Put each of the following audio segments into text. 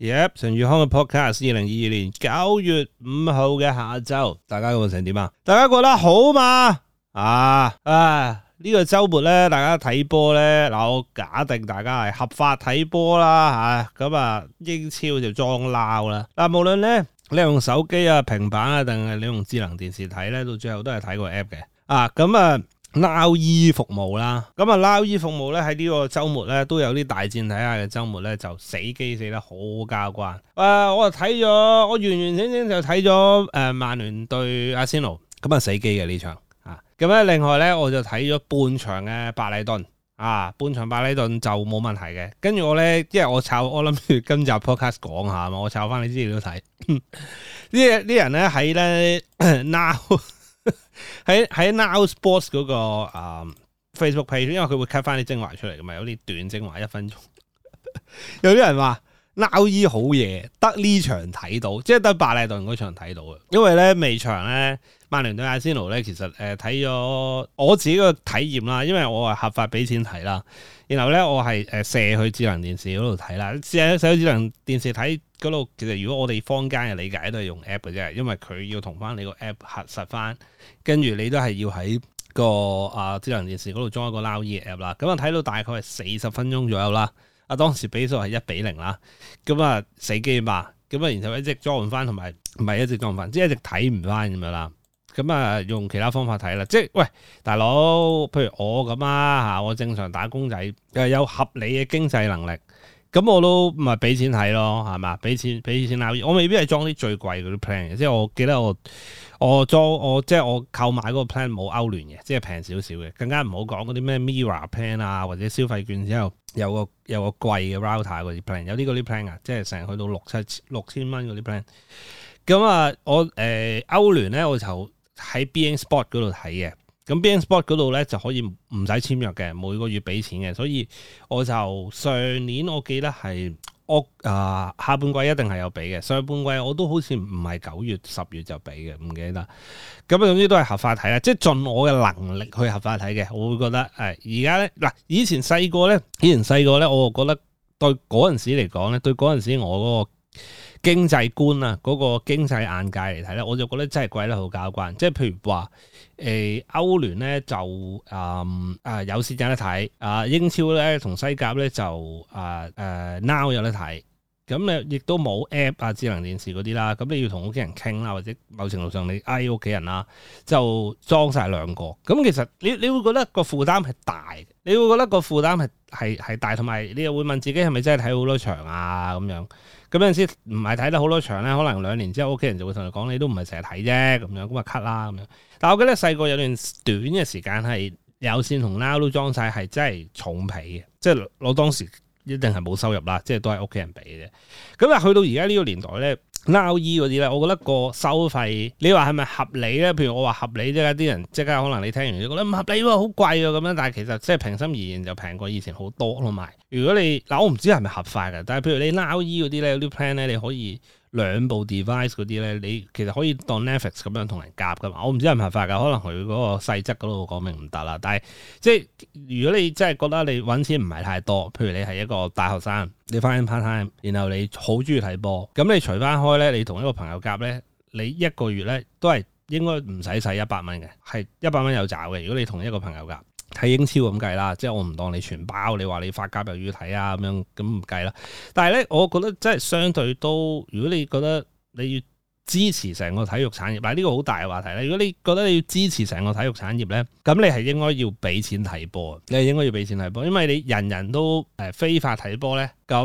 耶！陳宇、yep, 康嘅 podcast，二零二二年九月五號嘅下晝，大家過成點啊？大家覺得好嘛？啊啊！這個、呢個周末咧，大家睇波咧，嗱，我假定大家係合法睇波啦吓，咁啊，啊，英超就裝撈啦。嗱、啊，無論咧你用手機啊、平板啊，定係你用智能電視睇咧，到最後都係睇個 app 嘅啊，咁啊。啊 NowE 服務啦，咁啊 NowE 服務咧，喺呢個周末咧都有啲大戰睇下嘅。周末咧就死機死得好交關，啊、呃、我睇咗我完完整整就睇咗誒曼聯對阿仙奴，咁、呃、啊死機嘅呢場，啊咁咧另外咧我就睇咗半場嘅巴里頓，啊半場巴里頓就冇問題嘅，跟住我咧因為我炒我諗住今集 podcast 講下嘛，我炒翻你資料睇， 呢啲人咧喺咧 Now。喺喺 Now Sports 嗰個啊 Facebook page，因為佢會 cut 翻啲精華出嚟噶嘛，有啲短精華一分鐘，有啲人話。撈衣好嘢，得呢、e、場睇到，即係得巴利頓嗰場睇到嘅。因為咧，尾場咧，曼聯對阿仙奴咧，其實誒睇咗我自己個體驗啦。因為我係合法俾錢睇啦，然後咧我係誒射去智能電視嗰度睇啦。射去智能電視睇嗰度，其實如果我哋坊間嘅理解都係用 app 嘅啫，因為佢要同翻你個 app 核實翻，跟住你都係要喺個啊智能電視嗰度裝一個撈衣嘅 app 啦。咁啊睇到大概係四十分鐘左右啦。啊！當時比數係一比零啦，咁啊死機嘛，咁啊然後一直裝唔翻，同埋唔係一直裝唔翻，即係一直睇唔翻咁樣啦。咁啊用其他方法睇啦，即係喂大佬，譬如我咁啊，嚇，我正常打工仔，誒有合理嘅經濟能力。咁我都唔係俾錢睇咯，係嘛？俾錢俾錢我未必係裝啲最貴嗰啲 plan 嘅，即係我記得我我裝我即係我購買嗰個 plan 冇歐聯嘅，即係平少少嘅，更加唔好講嗰啲咩 Mirror plan 啊，或者消費券之後有個有個貴嘅 router 嗰啲 plan，有啲嗰啲 plan 啊，即係成日去到六七六千蚊嗰啲 plan。咁啊，我、呃、誒歐聯咧，我就喺 beIN Sport 嗰度睇嘅。咁 Band Sport 嗰度咧就可以唔使簽約嘅，每個月俾錢嘅，所以我就上年我記得係屋啊下半季一定係有俾嘅，上半季我都好似唔係九月十月就俾嘅，唔記得。咁啊，總之都係合法睇啦，即係盡我嘅能力去合法睇嘅。我會覺得誒，而家咧嗱，以前細個咧，以前細個咧，我覺得對嗰陣時嚟講咧，對嗰陣時我嗰個。經濟觀啊，嗰、那個經濟眼界嚟睇咧，我就覺得真係貴得好交關。即係譬如話，誒、欸、歐聯咧就誒誒、嗯呃、有線有得睇，啊英超咧同西甲咧就誒誒、呃呃、Now 有得睇。咁你亦都冇 App 啊，智能電視嗰啲啦，咁你要同屋企人傾啦，或者某程度上你嗌屋企人啦，就裝晒兩個。咁其實你你會覺得個負擔係大，你會覺得個負擔係係係大，同埋你又會問自己係咪真係睇好多場啊咁樣。咁有陣時唔係睇得好多場咧，可能兩年之後屋企人就會同你講：你都唔係成日睇啫，咁樣咁咪 cut 啦咁樣。但我記得細個有段短嘅時間係有線同 Now 都裝晒，係真係重皮嘅，即係我當時一定係冇收入啦，即係都係屋企人俾嘅。咁啊，去到而家呢個年代咧，NowE 嗰啲咧，我覺得個收費你話係咪合理咧？譬如我話合理啫，啲人即刻可能你聽完就覺得唔合理喎，好貴喎咁樣。但係其實即係平心而言就平過以前好多咯，埋。如果你嗱，我唔知係咪合法嘅，但係譬如你 Now E 嗰啲咧，嗰啲 plan 咧，你可以兩部 device 嗰啲咧，你其實可以當 Netflix 咁樣同人夾噶嘛。我唔知係咪合法嘅，可能佢嗰個細則嗰度講明唔得啦。但係即係如果你真係覺得你揾錢唔係太多，譬如你係一個大學生，你翻緊 part time，然後你好中意睇波，咁你除翻開咧，你同一個朋友夾咧，你一個月咧都係應該唔使使一百蚊嘅，係一百蚊有找嘅。如果你同一個朋友夾。睇英超咁計啦，即係我唔當你全包，你話你發家又要睇啊咁樣，咁唔計啦。但係呢，我覺得即係相對都，如果你覺得你要支持成個體育產業，但、這、呢個好大嘅話題咧。如果你覺得你要支持成個體育產業呢，咁你係應該要俾錢睇波，你係應該要俾錢睇波，因為你人人都誒非法睇波呢。咁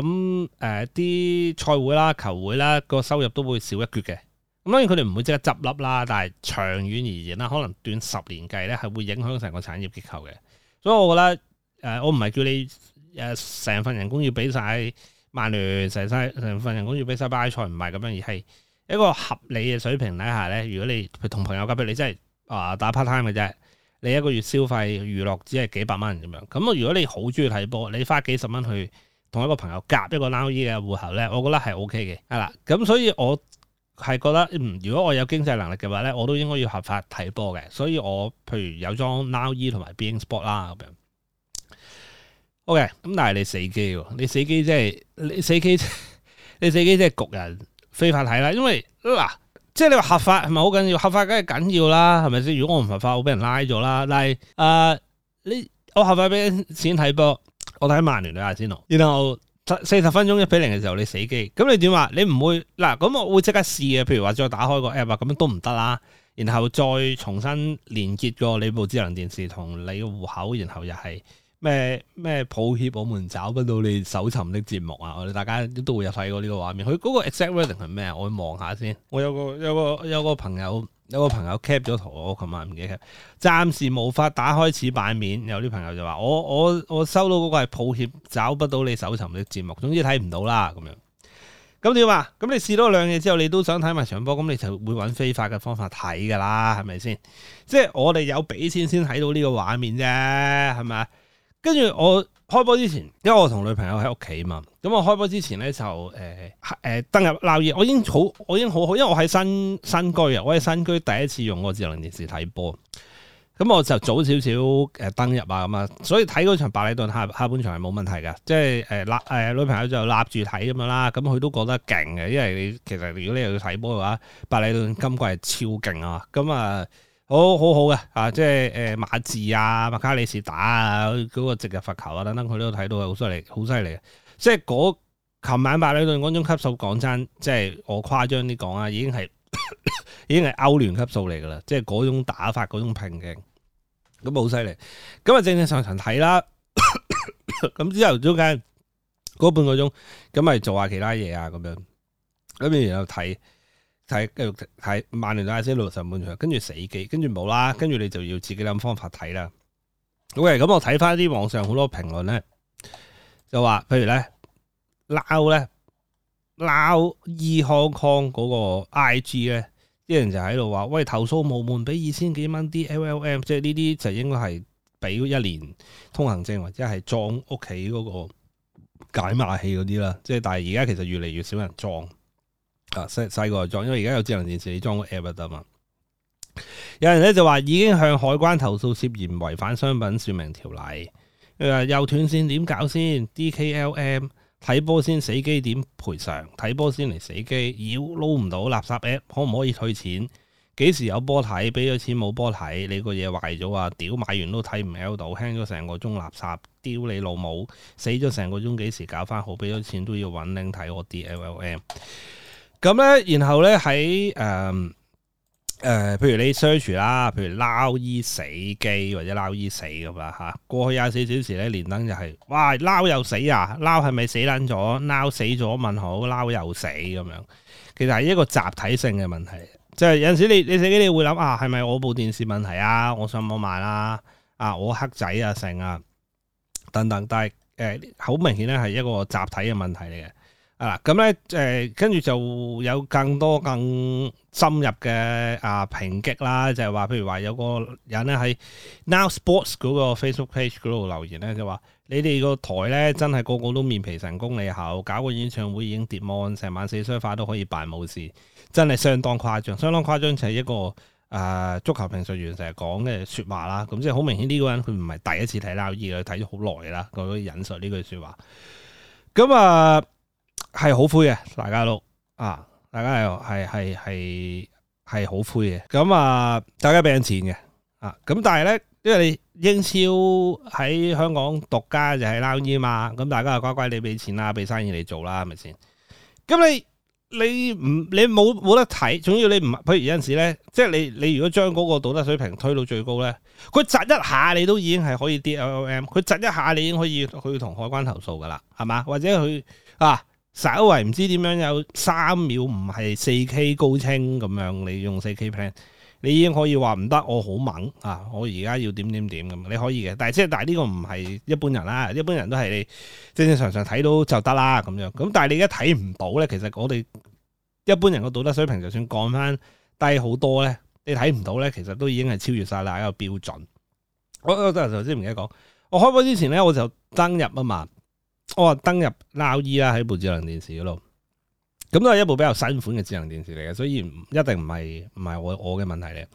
誒啲賽會啦、球會啦、個收入都會少一橛嘅。當然佢哋唔會即刻執笠啦，但係長遠而言啦，可能短十年計咧係會影響成個產業結構嘅。所以我覺得誒，我唔係叫你誒成份人工要俾晒曼聯，成世成份人工要俾晒巴塞，唔係咁樣，而係一個合理嘅水平底下咧。如果你同朋友夾，假如你真係啊打 part time 嘅啫，你一個月消費娛樂只係幾百蚊咁樣。咁如果你好中意睇波，你花幾十蚊去同一個朋友夾一個 now e 嘅戶口咧，我覺得係 O K 嘅。係啦，咁所以我。係覺得，如果我有經濟能力嘅話咧，我都應該要合法睇波嘅。所以我譬如有裝 Now E 同埋 being sport 啦咁樣。OK，咁但係你死機，你死機即係你死機，你死機即係焗人非法睇啦。因為嗱、呃，即係你話合法係咪好緊要？合法梗係緊要啦，係咪先？如果我唔合法，我俾人拉咗啦。但係誒、呃，你我合法俾錢睇波，我睇曼聯阿仙奴，先咯。然後。四十分鐘一比零嘅時候你死機，咁你點話？你唔會嗱，咁我會即刻試嘅。譬如話再打開個 app 啊，咁樣都唔得啦。然後再重新連結過你部智能電視同你個戶口，然後又係咩咩抱歉我，我們找不到你搜尋的節目啊！我哋大家都會有睇過呢個畫面。佢嗰、那個 exact wording 係咩？我望下先。我有個有個有個朋友。有個朋友 cap 咗圖我，琴晚唔記得，暫時無法打開此版面。有啲朋友就話：我我我收到嗰個係抱歉，找不到你搜尋嘅節目，總之睇唔到啦咁樣。咁點啊？咁你試多兩嘢之後，你都想睇埋場波，咁你就會揾非法嘅方法睇噶啦，係咪先？即係我哋有俾錢先睇到呢個畫面啫，係咪？跟住我開波之前，因為我同女朋友喺屋企嘛，咁我開波之前咧就誒誒、呃、登入 NowE，我已經好，我已經好好，因為我喺新新居啊，我喺新居第一次用我智能電視睇波，咁我就早少少誒登入啊，咁啊，所以睇嗰場百里盾下下半場係冇問題噶，即係誒誒女朋友就立住睇咁樣啦，咁佢都覺得勁嘅，因為你其實如果你又要睇波嘅話，百里盾今季係超勁啊，咁、嗯、啊。呃哦、好好好嘅，啊，即係誒、呃，馬志啊，麥卡里士打啊，嗰、嗰個直入罰球啊，等等，佢都睇到好犀利，好犀利嘅。即係嗰琴晚白禮頓嗰種級數，講真，即係我誇張啲講啊，已經係 已經係歐聯級數嚟噶啦。即係嗰種打法，嗰種拼勁，咁好犀利。咁啊，正正上上睇啦。咁 之後早間嗰半個鐘，咁咪做下其他嘢啊，咁樣。咁然後睇。睇繼續睇曼聯到 I C 路上半場，跟住死機，跟住冇啦，跟住你就要自己諗方法睇啦。好、okay，嘅、嗯，咁我睇翻啲網上好多評論咧，就話譬如咧 Now 咧 Now E 康康嗰個 I G 咧，啲人就喺度話，喂，投訴冇門，俾二千幾蚊啲 L L M，即係呢啲就應該係俾一年通行證，或者係裝屋企嗰個解碼器嗰啲啦。即係 但係而家其實越嚟越少人裝。啊！細細個裝，因為而家有智能電視，你裝個 APP 得嘛？有人咧就話已經向海關投訴，涉嫌違反商品説明條例。佢話又斷線點搞先？D K L M 睇波先死機點賠償？睇波先嚟死機，妖撈唔到垃圾 APP，可唔可以退錢？幾時有波睇？俾咗錢冇波睇，你個嘢壞咗啊！屌買完都睇唔 L 到，hang 咗成個鐘垃圾，屌你老母死咗成個鐘，幾時搞翻好？俾咗錢都要揾 l 睇我 D L M。咁咧，然後咧喺誒誒，譬如你 search 啦，譬如撈依死機或者撈依死咁啦吓，過去廿四小時咧連登就係、是、哇撈又死啊，撈係咪死撚咗？撈死咗問號，撈又死咁樣，其實係一個集體性嘅問題，即、就、係、是、有陣時你你自己你會諗啊，係咪我部電視問題啊？我上網慢啦、啊，啊我黑仔啊成啊等等，但係誒好明顯咧係一個集體嘅問題嚟嘅。啊咁咧，誒、嗯，跟、嗯、住就有更多更深入嘅啊評擊啦，就係話，譬如話有個人咧喺 Now Sports 嗰個 Facebook page 嗰度留言咧，就話：你哋個台咧真係個個都面皮神功後，你好搞個演唱會已經跌魔，成晚四張化都可以辦冇事，真係相當誇張，相當誇張就係一個啊、呃、足球評述員成日講嘅説話啦。咁即係好明顯，呢個人佢唔係第一次睇 Now E 啦，佢睇咗好耐啦，佢都引述呢句説話。咁、嗯、啊～、嗯嗯係好灰嘅，大家都啊，大家係係係係係好灰嘅。咁啊，大家俾人錢嘅啊，咁但係咧，因為你英超喺香港獨家就係撈煙嘛，咁大家啊乖乖你俾錢啦，俾生意你做啦，係咪先？咁你你唔你冇冇得睇？總要你唔，譬如有陣時咧，即係你你如果將嗰個道德水平推到最高咧，佢窒一下你都已經係可以 D L L M，佢窒一下你已經可以去同海關投訴噶啦，係嘛？或者佢啊？稍微唔知點樣有三秒唔係四 K 高清咁樣，你用四 K plan，你已經可以話唔得，我好猛啊！我而家要點點點咁，你可以嘅。但係即係但係呢個唔係一般人啦，一般人都係你正正常常睇到就得啦咁樣。咁但係你而家睇唔到咧，其實我哋一般人個道德水平就算降翻低好多咧，你睇唔到咧，其實都已經係超越晒喇一個標準。我我真係頭先唔記得講，我開波之前咧，我就登入啊嘛。我、哦、登入 Now E 啦、e, 喺部智能電視嗰度，咁都係一部比較新款嘅智能電視嚟嘅，所以一定唔係唔係我我嘅問題嚟。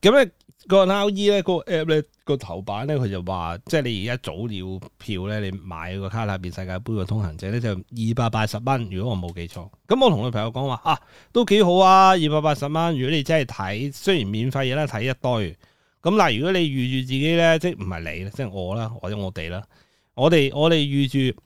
咁咧、那個 Now E 咧、e, 那個 app 咧、欸那個頭版咧佢就話，即係你而家早鳥票咧，你買個卡塔爾世界杯嘅通行者咧就二百八十蚊，如果我冇記錯。咁我同我朋友講話啊，都幾好啊，二百八十蚊，如果你真係睇，雖然免費嘢啦，睇一堆。咁嗱，如果你預住自己咧，即係唔係你，即係我啦，或者我哋啦。我哋我哋預住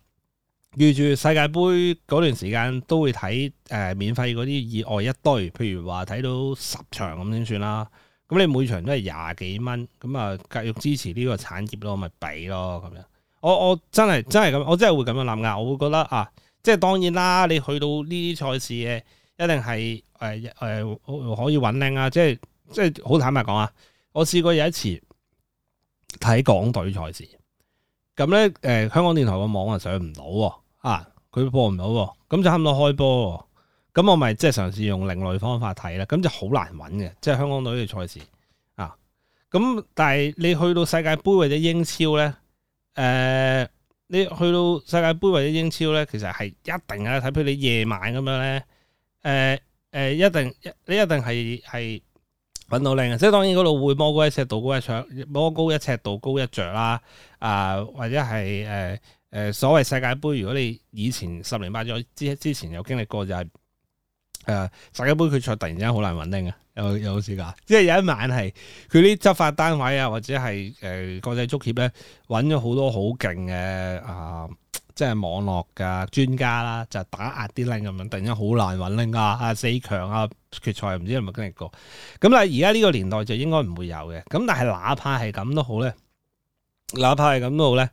預住世界杯嗰段時間都會睇誒、呃、免費嗰啲以外一堆，譬如話睇到十場咁先算啦？咁你每場都係廿幾蚊，咁啊繼續支持呢個產業咯，咪俾咯咁樣。我我真係真係咁，我真係會咁樣諗噶。我會覺得啊，即係當然啦，你去到呢啲賽事嘅，一定係誒誒可以穩靚啊！即係即係好坦白講啊，我試過有一次睇港隊賽事。咁咧，誒、呃、香港電台個網上啊上唔到喎，啊佢播唔到喎，咁就差唔多開波喎，啊，咁我咪即係嘗試用另類方法睇咧，咁就好難揾嘅，即係香港隊嘅賽事啊。咁但係你去到世界盃或者英超咧，誒、呃、你去到世界盃或者英超咧，其實係一定有得睇，譬如你夜晚咁樣咧，誒、呃、誒、呃、一定一你一定係係。穩到靚啊！即係當然嗰度會魔高一尺道高一尺，魔高一尺道高一丈啦。啊、呃，或者係誒誒，所謂世界杯，如果你以前十年八載之之前有經歷過，就係、是、誒、呃、世界杯決賽突然之間好難穩定啊。有有冇試過，即係有一晚係佢啲執法單位啊，或者係誒、呃、國際足協咧，揾咗好多好勁嘅啊、呃，即係網絡嘅專家啦、啊，就打壓啲拎咁樣，突然間好難揾拎啊！啊四強啊決賽唔知係咪經歷過？咁但係而家呢個年代就應該唔會有嘅。咁但係哪怕係咁都好咧，哪怕係咁都好咧，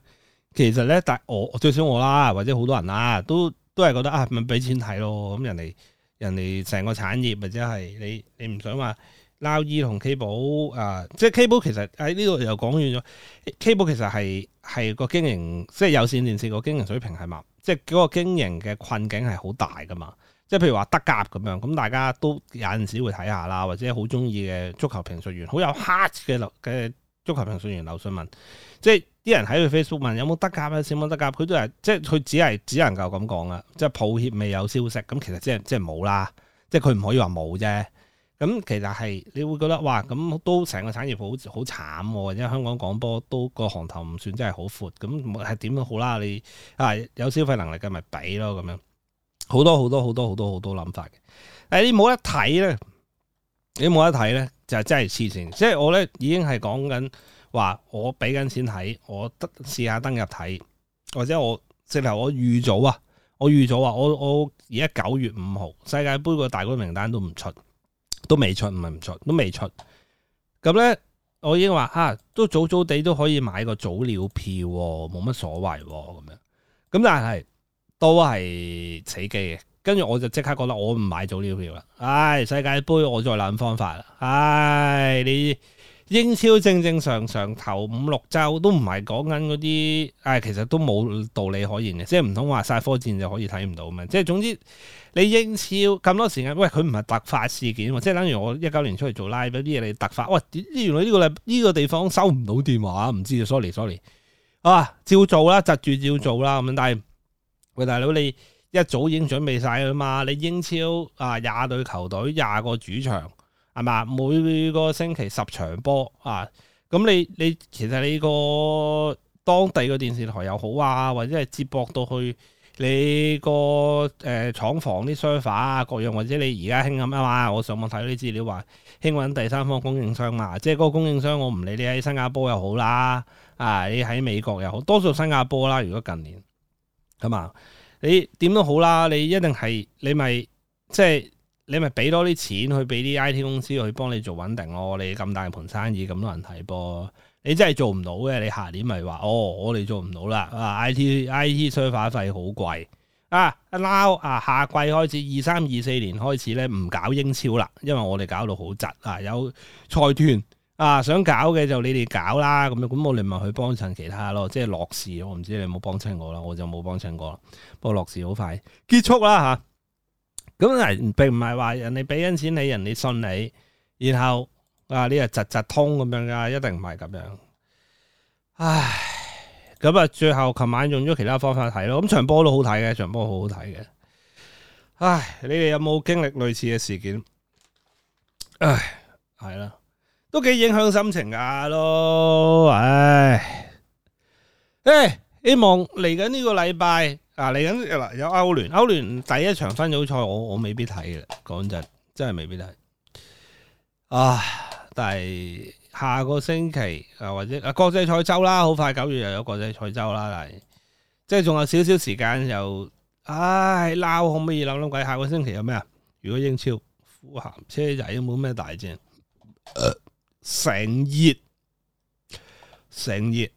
其實咧，但係我最少我啦，或者好多人啦，都都係覺得啊，咪俾錢睇咯，咁人哋。人哋成個產業，或者係你你唔想話 NowE 同 K 寶啊，即係 K 寶其實喺呢度又講完咗。K 寶其實係係個經營，即係有線電視個經營水平係嘛？即係嗰個經營嘅困境係好大噶嘛。即係譬如話德甲咁樣，咁大家都有陣時會睇下啦，或者好中意嘅足球評述員，好有 heart 嘅嘅足球評述員劉俊文，即係。啲人喺佢 Facebook 問有冇得價啊？有冇得價，佢都係即係佢只係只能夠咁講啦，即係抱歉未有消息。咁其實即係即係冇啦，即係佢唔可以話冇啫。咁其實係你會覺得哇，咁都成個產業好好慘喎、哦，因為香港廣播都個行頭唔算真係好闊。咁係點都好啦，你啊有消費能力嘅咪俾咯咁樣，好多好多好多好多好多諗法嘅。但你冇得睇咧，你冇得睇咧就係真係黐線。即係我咧已經係講緊。話我俾緊錢睇，我得試下登入睇，或者我即係我預早啊，我預早話我我而家九月五號世界盃個大軍名單都唔出，都未出唔係唔出都未出。咁咧我已經話嚇、啊、都早早地都可以買個早鳥票喎，冇乜所謂喎咁樣。咁但係都係死機嘅。跟住我就即刻覺得我唔買早鳥票啦。唉、哎，世界盃我再諗方法啦。唉、哎，你。英超正正常常頭五六周都唔係講緊嗰啲。唉、哎，其實都冇道理可言嘅，即係唔通話晒火箭就可以睇唔到咩？即係總之，你英超咁多時間，喂，佢唔係突發事件嘛？即係等於我一九年出嚟做 live 嗰啲嘢，你突發，喂，原來呢個呢個地方收唔到電話，唔知 sorry sorry，啊，照做啦，窒住照做啦，咁樣，但係喂大佬，你一早已經準備晒佢啦嘛？你英超啊廿隊球隊廿個主場。係嘛？每個星期十場波啊！咁你你其實你個當地個電視台又好啊，或者係接駁到去你個誒、呃、廠房啲 server 啊各樣，或者你而家興咁啊嘛！我上網睇啲資料話興揾第三方供應商啊，即係嗰個供應商我唔理你喺新加坡又好啦，啊你喺美國又好，多數新加坡啦。如果近年咁啊，你點都好啦，你一定係你咪即係。就是你咪俾多啲錢去俾啲 I T 公司去幫你做穩定咯，你咁大盤生意咁多人睇波，你真係做唔到嘅，你下年咪話哦，我哋做唔到啦，啊 I T I T 差化費好貴啊 now 啊下季開始二三二四年開始咧唔搞英超啦，因為我哋搞到好窒啊，有財團啊想搞嘅就你哋搞啦，咁樣咁我哋咪去幫襯其他咯，即係樂視，我唔知你有冇幫襯我啦，我就冇幫襯過，不過樂視好快結束啦吓。啊咁係並唔係話人哋俾緊錢你，人哋信你，然後啊你係直直通咁樣噶，一定唔係咁樣。唉，咁啊，最後琴晚用咗其他方法睇咯，咁場波都好睇嘅，場波好好睇嘅。唉，你哋有冇經歷類似嘅事件？唉，係啦，都幾影響心情噶咯。唉，誒。希望嚟緊呢個禮拜啊，嚟緊嗱有歐聯，歐聯第一場分組賽我我未必睇嘅，講真真係未必睇。啊，但係下個星期啊或者啊國際賽周啦，好快九月又有個國際賽周啦，但係即係仲有少少時間又唉撈可唔可以諗諗計下個星期有咩啊？如果英超富咸車仔都冇咩大戰，成月成月。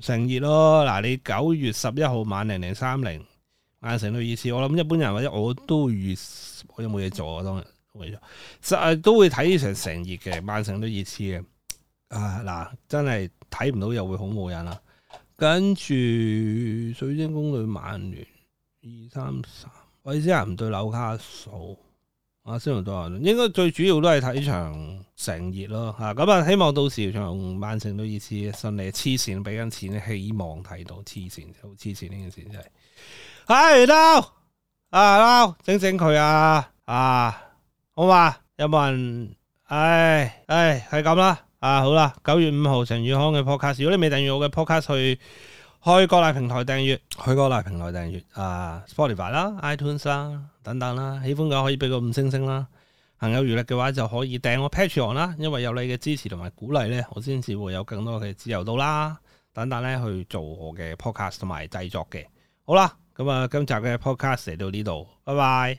成熱咯，嗱，你九月十一號晚零零三零，曼城對熱刺，我諗一般人或者我都會預，我有冇嘢做啊？當日冇嘢做，實誒都會睇成成熱嘅，曼城對熱刺嘅，啊嗱，真係睇唔到又會好無癮啦。跟住水晶宮對曼聯二三三，維斯咸對紐卡素。我先應該最主要都係睇場成熱咯，吓咁啊！希望到時場曼城都意思，順利黐線俾緊錢，希望睇到黐線，好黐線呢件事真係。哎撈，啊撈，整整佢啊啊，uh, 好嘛？有冇人？唉、uh, 唉、uh, 啊，係咁啦。啊好啦，九月五號陳宇康嘅 podcast，如果你未訂閱我嘅 podcast，去開各平台訂閱，去各大平台訂閱、uh, 啊，Spotify 啦，iTunes 啦。等等啦，喜歡嘅可以俾個五星星啦，行有餘力嘅話就可以訂我 Patreon 啦，因為有你嘅支持同埋鼓勵呢，我先至會有更多嘅自由度啦，等等呢，去做我嘅 podcast 同埋製作嘅。好啦，咁啊，今集嘅 podcast 嚟到呢度，拜拜。